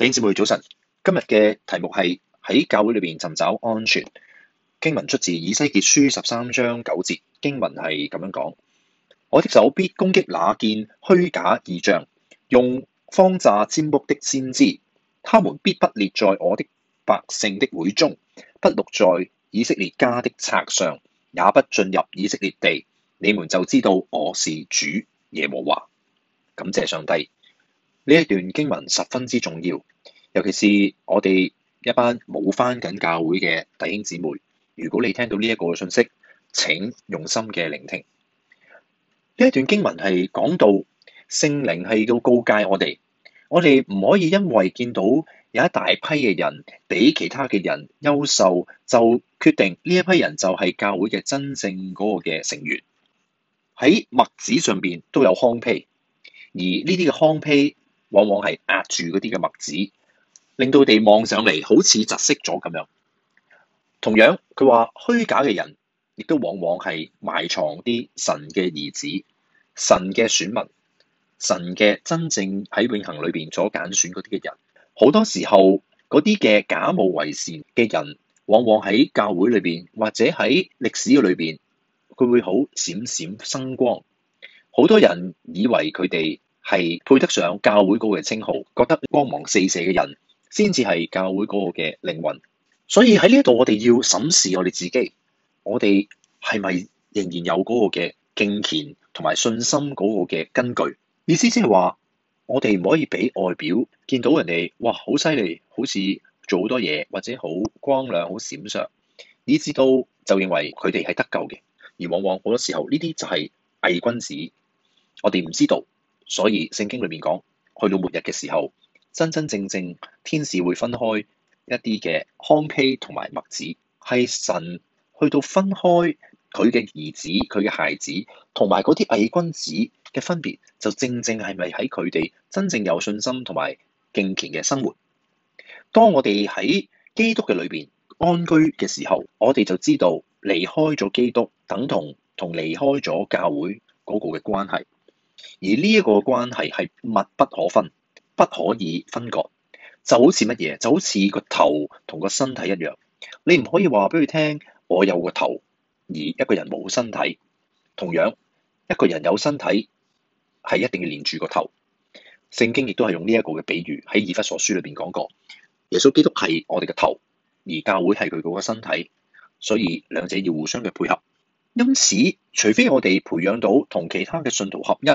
弟兄姊妹早晨，今日嘅題目係喺教會裏面尋找安全。經文出自以西結書十三章九節，經文係咁樣講：我的手必攻擊那見虛假異象，用謊詐占卜的先知，他們必不列在我的百姓的會中，不錄在以色列家的冊上，也不進入以色列地。你們就知道我是主耶和華。感謝上帝。呢一段經文十分之重要，尤其是我哋一班冇翻緊教會嘅弟兄姊妹，如果你聽到呢一個信息，請用心嘅聆聽。呢一段經文係講到聖靈係要告誡，我哋我哋唔可以因為見到有一大批嘅人比其他嘅人優秀，就決定呢一批人就係教會嘅真正嗰個嘅成員。喺墨子上邊都有康批，而呢啲嘅康批，往往係壓住嗰啲嘅物子，令到佢哋望上嚟，好似窒息咗咁樣。同樣，佢話虛假嘅人，亦都往往係埋藏啲神嘅兒子、神嘅選民、神嘅真正喺永恆裏邊所揀選嗰啲嘅人。好多時候，嗰啲嘅假冒為善嘅人，往往喺教會裏邊或者喺歷史嘅裏邊，佢會好閃閃生光。好多人以為佢哋。係配得上教會嗰個嘅稱號，覺得光芒四射嘅人先至係教會嗰個嘅靈魂。所以喺呢度，我哋要審視我哋自己，我哋係咪仍然有嗰個嘅敬虔同埋信心嗰個嘅根據？意思即係話，我哋唔可以俾外表見到人哋哇，好犀利，好似做好多嘢或者好光亮、好閃爍，以至到就認為佢哋係得救嘅。而往往好多時候，呢啲就係偽君子，我哋唔知道。所以聖經裏面講，去到末日嘅時候，真真正正天使會分開一啲嘅糠秕同埋麥子，係神去到分開佢嘅兒子、佢嘅孩子，同埋嗰啲偽君子嘅分別，就正正係咪喺佢哋真正有信心同埋敬虔嘅生活？當我哋喺基督嘅裏邊安居嘅時候，我哋就知道離開咗基督，等同同離開咗教會嗰個嘅關係。而呢一個關係係密不可分，不可以分割，就好似乜嘢？就好似個頭同個身體一樣，你唔可以話俾佢聽我有個頭，而一個人冇身體。同樣，一個人有身體，係一定要連住個頭。聖經亦都係用呢一個嘅比喻喺以弗所書裏邊講過，耶穌基督係我哋嘅頭，而教會係佢嗰個身體，所以兩者要互相嘅配合。因此，除非我哋培養到同其他嘅信徒合一，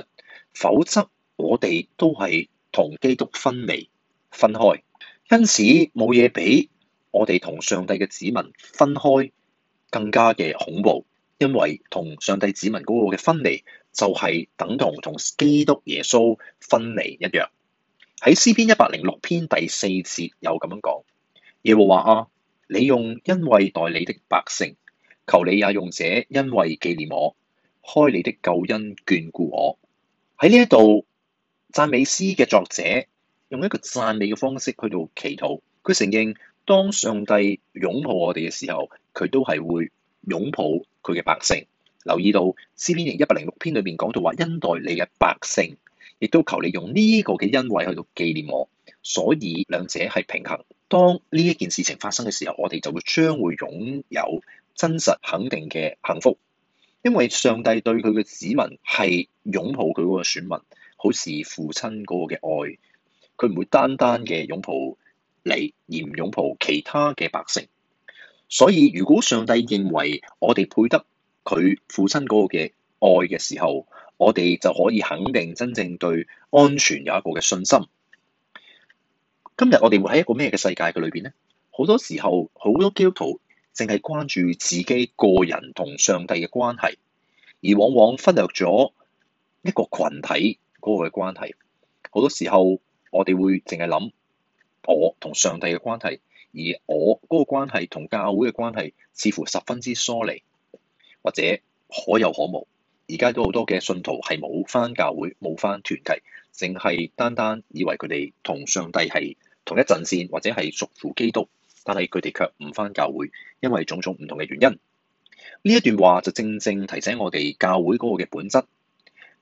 否則我哋都係同基督分離分開。因此，冇嘢比我哋同上帝嘅子民分開更加嘅恐怖，因為同上帝子民嗰個嘅分離就係、是、等同同基督耶穌分離一樣。喺詩篇一百零六篇第四節有咁樣講：耶和華啊，你用恩惠待你的百姓。求你也用這恩惠紀念我，開你的救恩眷顧我。喺呢一度讚美詩嘅作者用一個讚美嘅方式去到祈禱。佢承認當上帝擁抱我哋嘅時候，佢都係會擁抱佢嘅百姓。留意到詩篇一百零六篇裏面講到話恩待你嘅百姓，亦都求你用呢個嘅恩惠去到紀念我。所以兩者係平衡。當呢一件事情發生嘅時候，我哋就會將會擁有真實肯定嘅幸福，因為上帝對佢嘅子民係擁抱佢嗰個選民，好似父親嗰個嘅愛，佢唔會單單嘅擁抱你，而唔擁抱其他嘅百姓。所以如果上帝認為我哋配得佢父親嗰個嘅愛嘅時候，我哋就可以肯定真正對安全有一個嘅信心。今日我哋會喺一個咩嘅世界嘅裏邊呢？好多時候好多基督徒。淨係關注自己個人同上帝嘅關係，而往往忽略咗一個群體嗰個嘅關係。好多時候我哋會淨係諗我同上帝嘅關係，而我嗰個關係同教會嘅關係，似乎十分之疏離或者可有可無。而家都好多嘅信徒係冇返教會，冇返團體，淨係單單以為佢哋同上帝係同一陣綫或者係屬乎基督。但係佢哋卻唔返教會，因為種種唔同嘅原因。呢一段話就正正提醒我哋教會嗰個嘅本質，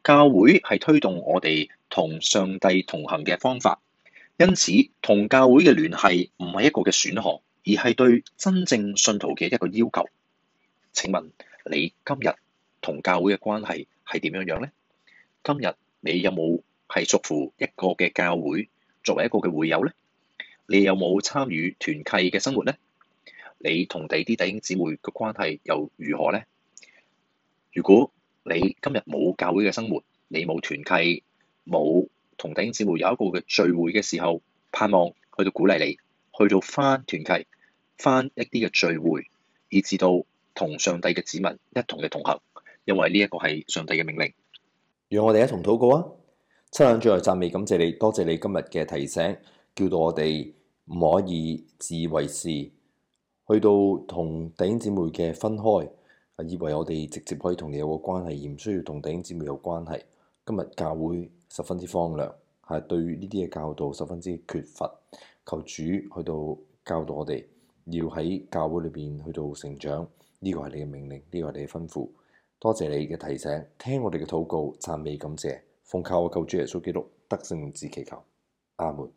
教會係推動我哋同上帝同行嘅方法。因此，同教會嘅聯繫唔係一個嘅選項，而係對真正信徒嘅一個要求。請問你今日同教會嘅關係係點樣樣呢？今日你有冇係屬於一個嘅教會，作為一個嘅會友呢？你有冇參與團契嘅生活呢？你同地啲弟兄姊、姊妹嘅關係又如何呢？如果你今日冇教會嘅生活，你冇團契，冇同弟兄姊妹有一個嘅聚會嘅時候，盼望去到鼓勵你，去到返團契，返一啲嘅聚會，以至到同上帝嘅子民一同嘅同行，因為呢一個係上帝嘅命令。讓我哋一同禱告啊！七眼最後讚美感謝你，多謝你今日嘅提醒。叫到我哋唔可以自以為是，去到同弟兄姊妹嘅分開，以為我哋直接可以同你有個關係，而唔需要同弟兄姊妹有關係。今日教會十分之荒涼，係對呢啲嘅教導十分之缺乏。求主去到教導我哋，要喺教會裏邊去到成長。呢個係你嘅命令，呢個係你嘅吩咐。多謝你嘅提醒，聽我哋嘅禱告，讚美感謝，奉靠我救主耶穌基督得勝自祈求。阿門。